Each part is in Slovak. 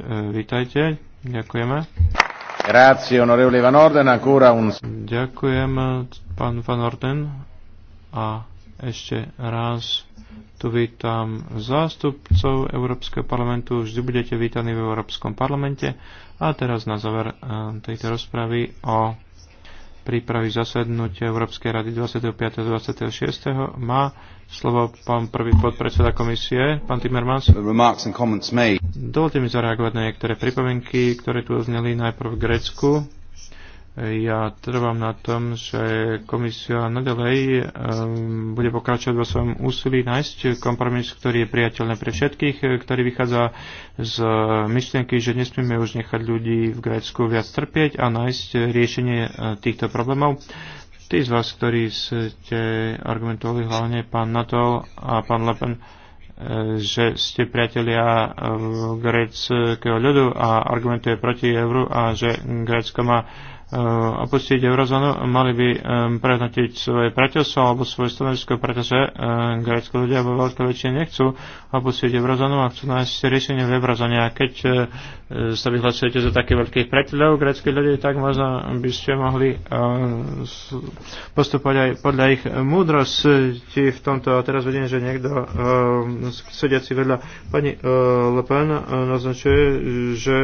E, vítajte, ďakujeme. Grazie, onorevole Van Orden, ancora un... Ďakujem, pán Van Orden. A ešte raz tu vítam zástupcov Európskeho parlamentu. Vždy budete vítaní v Európskom parlamente. A teraz na záver e, tejto rozpravy o prípravy zasadnutia Európskej rady 25. a 26. má slovo pán prvý podpredseda komisie, pán Timmermans. Dovolte mi zareagovať na niektoré pripomienky, ktoré tu ozneli najprv v Grécku ja trvám na tom, že komisia nadalej ehm, bude pokračovať vo svojom úsilí nájsť kompromis, ktorý je priateľný pre všetkých, e, ktorý vychádza z myšlienky, že nesmieme už nechať ľudí v Grécku viac trpieť a nájsť riešenie e, týchto problémov. Tí z vás, ktorí ste argumentovali hlavne pán Nato a pán Lepen, e, že ste priatelia gréckého ľudu a argumentuje proti euru a že Grécko má opustiť eurozónu, mali by prehnotiť svoje priateľstvo alebo svoje stanovisko, pretože grécko ľudia vo veľkej väčšine nechcú opustiť eurozónu a chcú nájsť riešenie v eurozóne. A keď e, sa vyhlasujete za také veľkých priateľov gréckých ľudí, tak možno by ste mohli postupovať aj podľa ich múdrosti v tomto. A teraz vidím, že niekto sediaci vedľa pani e, Le Pen e, naznačuje, že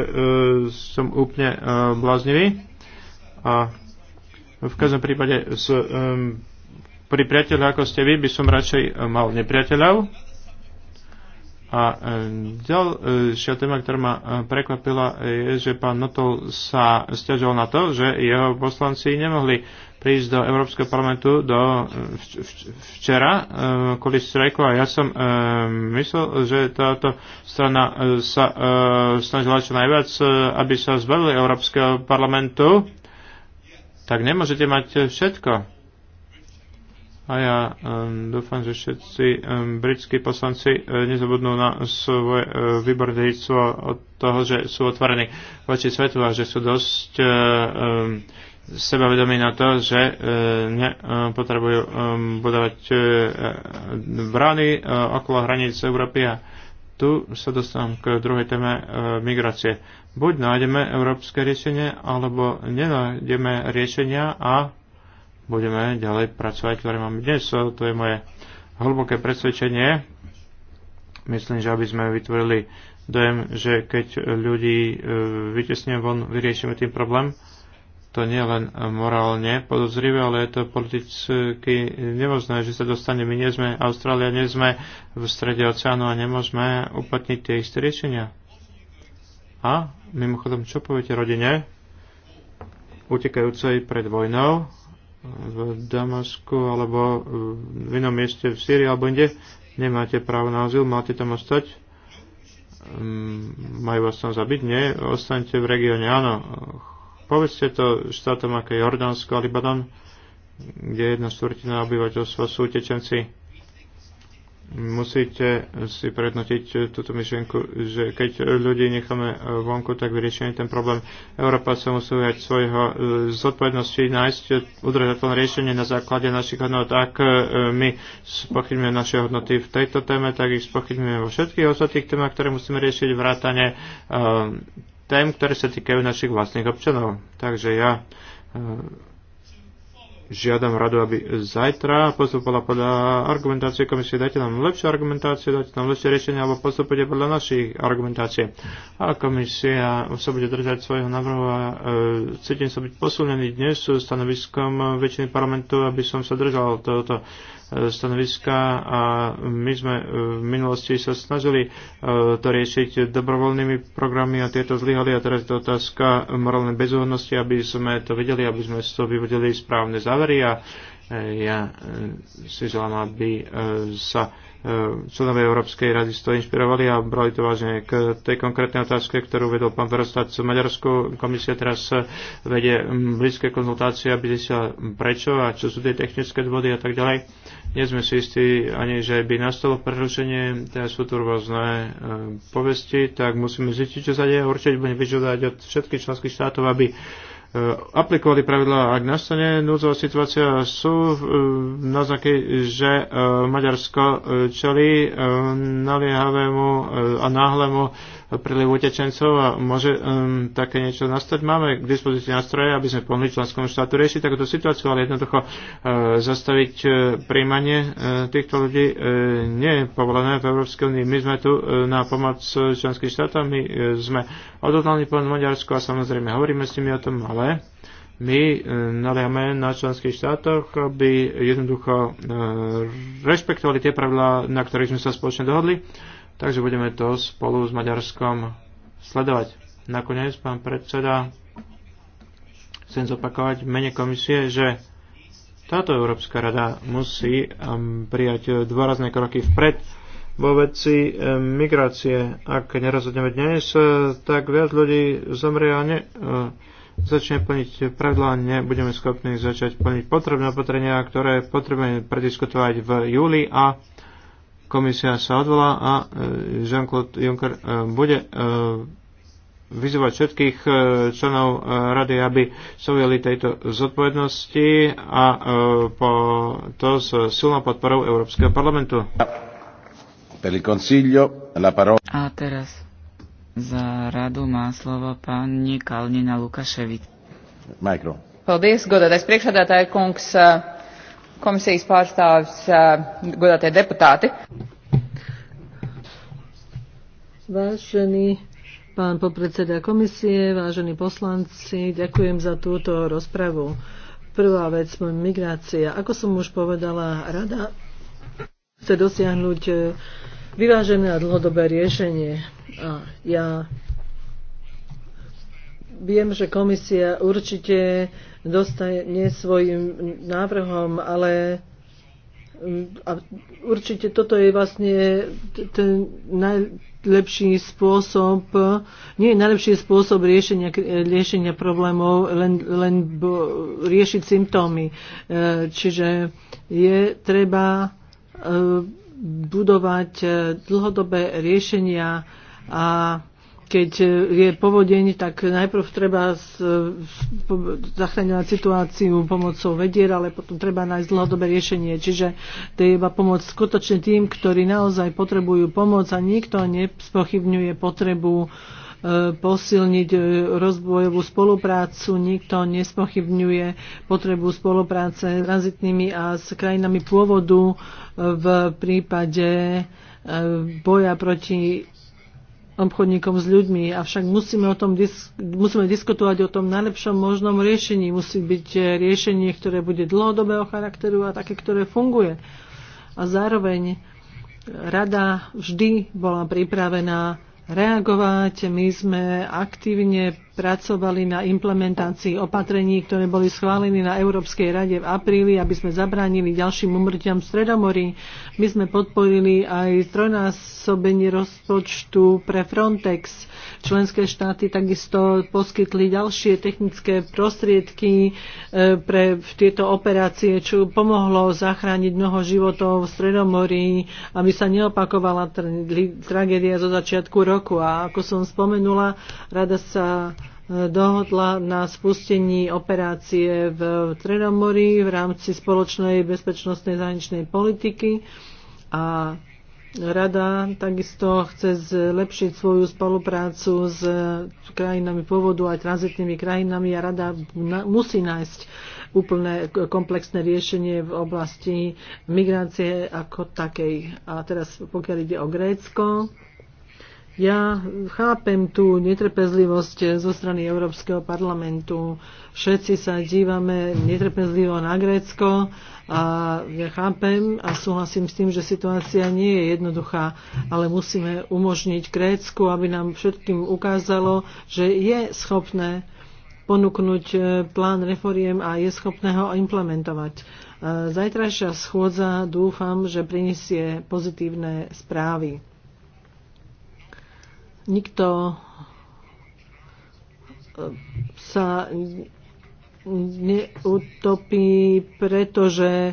som úplne bláznivý. A v každom prípade s, um, pri priateľa ako ste vy by som radšej eh, mal nepriateľov. A ďalšia téma, ktorá ma eh, prekvapila, je, že pán Notol sa stiažoval na to, že jeho poslanci nemohli prísť do Európskeho parlamentu do eh, včera kvôli strajku a ja som myslel, že táto strana sa snažila čo najviac, aby sa zbavili Európskeho parlamentu tak nemôžete mať všetko. A ja um, dúfam, že všetci um, britskí poslanci uh, nezabudnú na svoje uh, výborné dedictvo od toho, že sú otvorení voči svetu a že sú dosť uh, um, sebavedomí na to, že uh, nepotrebujú potrebujú um, budovať uh, uh, brány uh, okolo hraníc Európy a uh, tu sa dostávam k druhej téme e, migrácie. Buď nájdeme európske riešenie, alebo nenájdeme riešenia a budeme ďalej pracovať, ktoré máme dnes. E, to je moje hlboké presvedčenie. Myslím, že aby sme vytvorili dojem, že keď ľudí e, vytesníme von, vyriešime tým problém, to nie len morálne podozrivé, ale je to politicky nemožné, že sa dostane. My nie sme Austrália, nie sme v strede oceánu a nemôžeme uplatniť tie isté riešenia. A mimochodom, čo poviete rodine utekajúcej pred vojnou v Damasku alebo v inom mieste v Sýrii alebo inde? Nemáte právo na azyl, máte tam ostať? Mm, majú vás tam zabiť? Nie, ostaňte v regióne, áno Povedzte to štátom ako Jordánsko a Libanon, kde jedna štvrtina obyvateľstva sú utečenci. Musíte si prednotiť túto myšlienku, že keď ľudí necháme vonku, tak vyriešenie ten problém. Európa sa musí ujať svojho e, zodpovednosti nájsť udržateľné riešenie na základe našich hodnot. Ak e, my spochybňujeme naše hodnoty v tejto téme, tak ich spochybňujeme vo všetkých ostatných témach, ktoré musíme riešiť vrátane e, tém, ktoré sa týkajú našich vlastných občanov. Takže ja žiadam radu, aby zajtra postupovala podľa argumentácie komisie. Dajte nám lepšie argumentáciu, dajte nám lepšie riešenie, alebo postupujte podľa našich argumentácie. A komisia sa bude držať svojho návrhu a e, cítim sa byť posunený dnes stanoviskom väčšiny parlamentu, aby som sa držal tohoto e, stanoviska a my sme e, v minulosti sa snažili e, to riešiť dobrovoľnými programy a tieto zlyhali a teraz je to otázka morálnej bezúhodnosti, aby sme to vedeli, aby sme z toho vyvodili správne záver závery a e, ja e, si želám, aby e, sa členovia Európskej rady z toho inšpirovali a brali to vážne. K tej konkrétnej otázke, ktorú vedol pán Verostat z Maďarsku, komisia teraz vedie blízke konzultácie, aby zistila prečo a čo sú tie technické dôvody a tak ďalej. Nie sme si istí ani, že by nastalo prerušenie, teda sú tu rôzne povesti, tak musíme zistiť, čo sa deje. Určite budeme vyžadovať od všetkých členských štátov, aby E, aplikovali pravidlá. Ak nastane núdzová situácia, sú e, náznaky, že e, Maďarsko čelí naliehavému a náhlemu prílivu utečencov a môže také niečo nastať. Máme k dispozícii nástroje, aby sme pomohli členskému štátu riešiť takúto situáciu, ale jednoducho zastaviť príjmanie týchto ľudí nie je povolené v Európskej únii. My sme tu na pomoc členským štátom, my sme odhodlani po Maďarsku a samozrejme hovoríme s nimi o tom, ale ale my e, naliame na členských štátoch, aby jednoducho e, rešpektovali tie pravidlá, na ktorých sme sa spoločne dohodli. Takže budeme to spolu s Maďarskom sledovať. Nakoniec, pán predseda, chcem zopakovať mene komisie, že táto Európska rada musí um, prijať dôrazné kroky vpred vo veci um, migrácie. Ak nerozhodneme dnes, tak viac ľudí zomrie a ne, uh, začne plniť pravidlá, nebudeme schopní začať plniť potrebné opatrenia, ktoré potrebujeme prediskutovať v júli a komisia sa odvolá a e, Jean-Claude Juncker e, bude e, vyzývať všetkých členov rady, aby sa ujeli tejto zodpovednosti a po to s silnou podporou Európskeho parlamentu. A teraz za radu má slovo pani Kalnina Lukaševic. Mikro. Paldies, godātais priekšādātāja kungs, komisijas pārstāvis, godātie deputāti. Vážený pán podpredseda komisie, vážení poslanci, ďakujem za túto rozpravu. Prvá vec, migrácia. Ako som už povedala, rada chce dosiahnuť vyvážené a dlhodobé riešenie a ja viem, že komisia určite dostane svojim návrhom, ale mm, a určite toto je vlastne ten najlepší spôsob, nie je najlepší spôsob riešenia, riešenia problémov, len, len bo, riešiť symptómy. E, čiže je treba e, budovať e, dlhodobé riešenia, a keď e, je povodeň, tak najprv treba e, zachraňovať situáciu pomocou vedier, ale potom treba nájsť dlhodobé riešenie. Čiže je iba pomôcť skutočne tým, ktorí naozaj potrebujú pomoc a nikto nespochybňuje potrebu e, posilniť rozvojovú spoluprácu. Nikto nespochybňuje potrebu spolupráce s tranzitnými a s krajinami pôvodu v prípade boja proti obchodníkom s ľuďmi. Avšak musíme, o tom dis- musíme diskutovať o tom najlepšom možnom riešení. Musí byť eh, riešenie, ktoré bude dlhodobého charakteru a také, ktoré funguje. A zároveň rada vždy bola pripravená reagovať. My sme aktívne pracovali na implementácii opatrení, ktoré boli schválené na Európskej rade v apríli, aby sme zabránili ďalším umrtiam v Stredomorí. My sme podporili aj trojnásobenie rozpočtu pre Frontex. Členské štáty takisto poskytli ďalšie technické prostriedky e, pre tieto operácie, čo pomohlo zachrániť mnoho životov v Stredomorí, aby sa neopakovala tragédia zo začiatku roku roku. A ako som spomenula, rada sa e, dohodla na spustení operácie v Trenomori v rámci spoločnej bezpečnostnej zahraničnej politiky a Rada takisto chce zlepšiť svoju spoluprácu s krajinami pôvodu aj tranzitnými krajinami a rada musí nájsť úplné komplexné riešenie v oblasti migrácie ako takej. A teraz pokiaľ ide o Grécko, ja chápem tú netrpezlivosť zo strany Európskeho parlamentu. Všetci sa dívame netrpezlivo na Grécko a ja chápem a súhlasím s tým, že situácia nie je jednoduchá, ale musíme umožniť Grécku, aby nám všetkým ukázalo, že je schopné ponúknuť e, plán reforiem a je schopné ho implementovať. E, zajtrajšia schôdza dúfam, že prinesie pozitívne správy nikto e, sa neutopí, pretože e,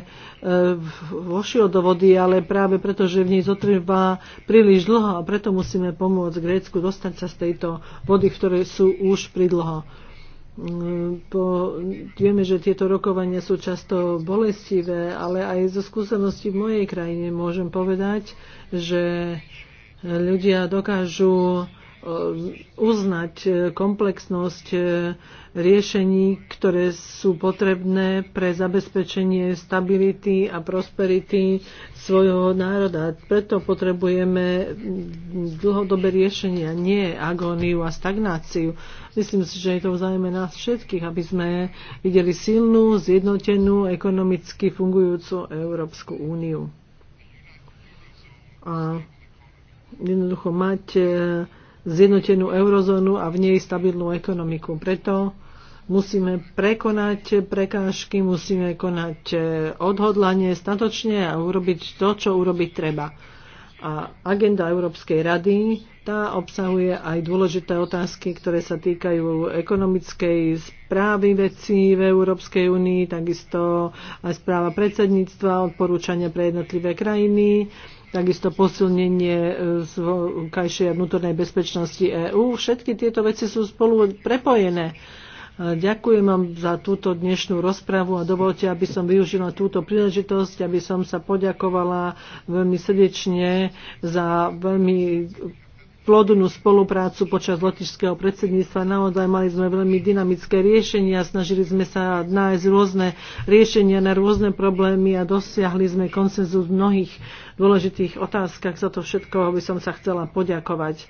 vošiel do vody, ale práve preto, že v nej zotrvá príliš dlho a preto musíme pomôcť Grécku dostať sa z tejto vody, ktoré sú už pridlho. Mm, po, vieme, že tieto rokovania sú často bolestivé, ale aj zo skúsenosti v mojej krajine môžem povedať, že ľudia dokážu e, uznať e, komplexnosť e, riešení, ktoré sú potrebné pre zabezpečenie stability a prosperity svojho národa. Preto potrebujeme dlhodobé riešenia, nie agóniu a stagnáciu. Myslím si, že je to vzájme nás všetkých, aby sme videli silnú, zjednotenú, ekonomicky fungujúcu Európsku úniu. A jednoducho mať e, zjednotenú eurozónu a v nej stabilnú ekonomiku. Preto musíme prekonať prekážky, musíme konať e, odhodlanie statočne a urobiť to, čo urobiť treba. A agenda Európskej rady tá obsahuje aj dôležité otázky, ktoré sa týkajú ekonomickej správy vecí v Európskej únii, takisto aj správa predsedníctva, odporúčania pre jednotlivé krajiny, takisto posilnenie e, zvonkajšej a vnútornej bezpečnosti EÚ. Všetky tieto veci sú spolu prepojené. E, ďakujem vám za túto dnešnú rozpravu a dovolte, aby som využila túto príležitosť, aby som sa poďakovala veľmi srdečne za veľmi plodnú spoluprácu počas lotišského predsedníctva. Naozaj mali sme veľmi dynamické riešenia, snažili sme sa nájsť rôzne riešenia na rôzne problémy a dosiahli sme konsenzus v mnohých dôležitých otázkach. Za to všetko by som sa chcela poďakovať. E,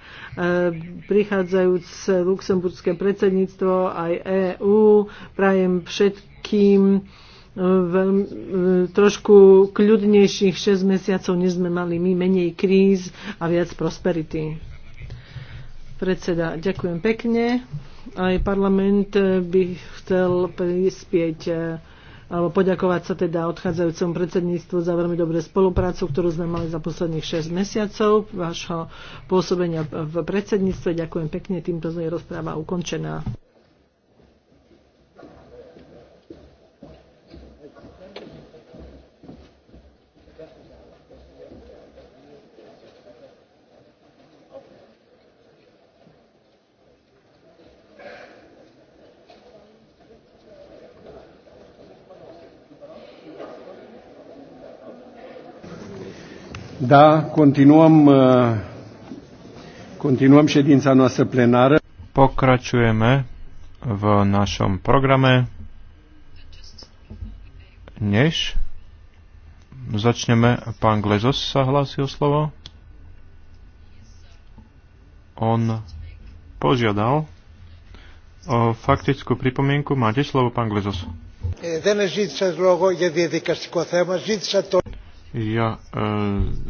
prichádzajúce luxemburské predsedníctvo aj EÚ prajem všetkým e, veľmi, e, trošku kľudnejších 6 mesiacov, než sme mali my, menej kríz a viac prosperity. Predseda, ďakujem pekne. Aj parlament eh, by chcel prispieť eh, alebo poďakovať sa teda odchádzajúcemu predsedníctvu za veľmi dobrú spoluprácu, ktorú sme mali za posledných 6 mesiacov vášho pôsobenia v predsedníctve. Ďakujem pekne, týmto je rozpráva ukončená. Da, continuăm, uh, continuăm ședința noastră plenară. Pokračujeme v našom programe. Než začneme, pán Glezos sa hlási o slovo. On požiadal o faktickú pripomienku. Máte slovo, pán Glezos. Δεν ζήτησα λόγο για διαδικαστικό θέμα, ζήτησα το... Ja e,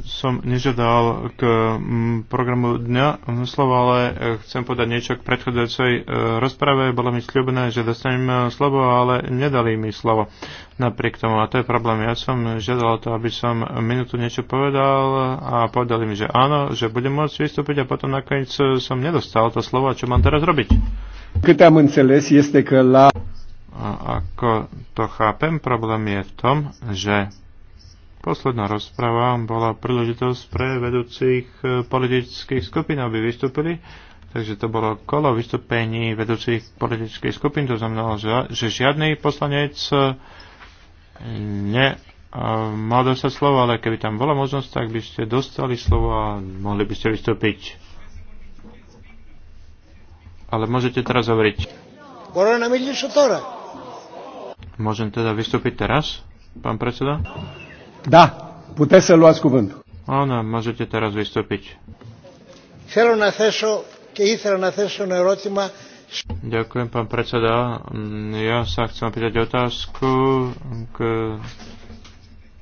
som nežiadal k m, programu dňa slovo, ale e, chcem povedať niečo k predchádzajúcej e, rozprave. Bolo mi sľubné, že dostanem e, slovo, ale nedali mi slovo napriek tomu. A to je problém. Ja som žiadal to, aby som minútu niečo povedal a povedali mi, že áno, že budem môcť vystúpiť a potom nakoniec som nedostal to slovo. A čo mám teraz robiť? A ako to chápem, problém je v tom, že Posledná rozprava bola príležitosť pre vedúcich e, politických skupín, aby vystúpili. Takže to bolo kolo vystúpení vedúcich politických skupín. To znamená, že žiadny poslanec e, ne e, mal dostať slovo, ale keby tam bola možnosť, tak by ste dostali slovo a mohli by ste vystúpiť. Ale môžete teraz hovoriť. Môžem teda vystúpiť teraz, pán predseda? Da, puteți să luați cuvântul. Ana, môžete teraz vystúpiť. Θέλω να Ďakujem, pán predseda. Ja sa chcem opýtať otázku, k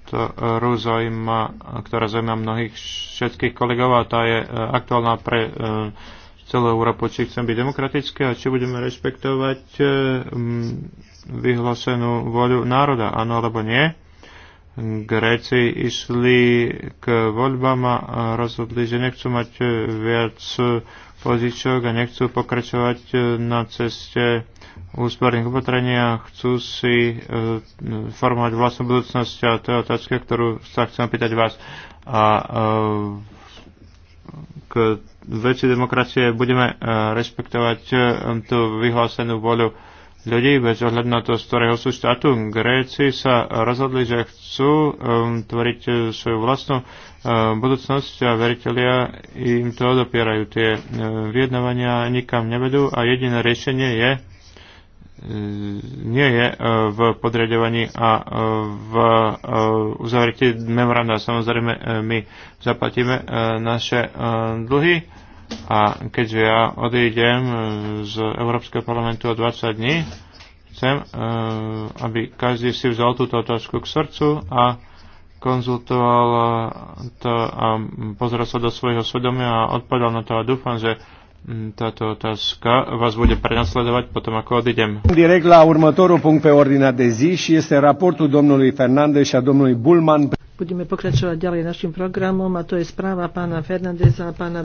ktorú zaujíma, ktorá zaujíma mnohých všetkých kolegov a tá je eh, aktuálna pre eh, celú Európu, či chcem byť demokratické a či budeme rešpektovať eh, vyhlásenú voľu národa, áno alebo nie. Gréci išli k voľbám a rozhodli, že nechcú mať viac pozíčok a nechcú pokračovať na ceste úsporných opatrení a chcú si e, formovať vlastnú budúcnosť a to je otázka, ktorú sa chcem pýtať vás. A e, k veci demokracie budeme e, rešpektovať tú vyhlásenú voľu ľudí bez ohľadu na to, z ktorého sú štátu. Gréci sa rozhodli, že chcú um, tvoriť uh, svoju vlastnú um, budúcnosť a veriteľia im to odopierajú. Tie um, vyjednávania nikam nevedú a jediné riešenie je nie je v podriadovaní a v uzavretí memoranda. Samozrejme, my zaplatíme naše dlhy a keďže ja odídem e, z Európskeho parlamentu o 20 dní, chcem, e, aby každý si vzal túto otázku k srdcu a konzultoval to a pozrel sa do svojho svedomia a odpovedal na to a dúfam, že táto otázka vás bude prenasledovať potom, ako odídem. Direkt la următorul punct pe ordinea de zi și este raportul domnului Fernandez a domnului Bulman. Budeme pokračovať ďalej našim programom a to je správa pána Fernandeza a pána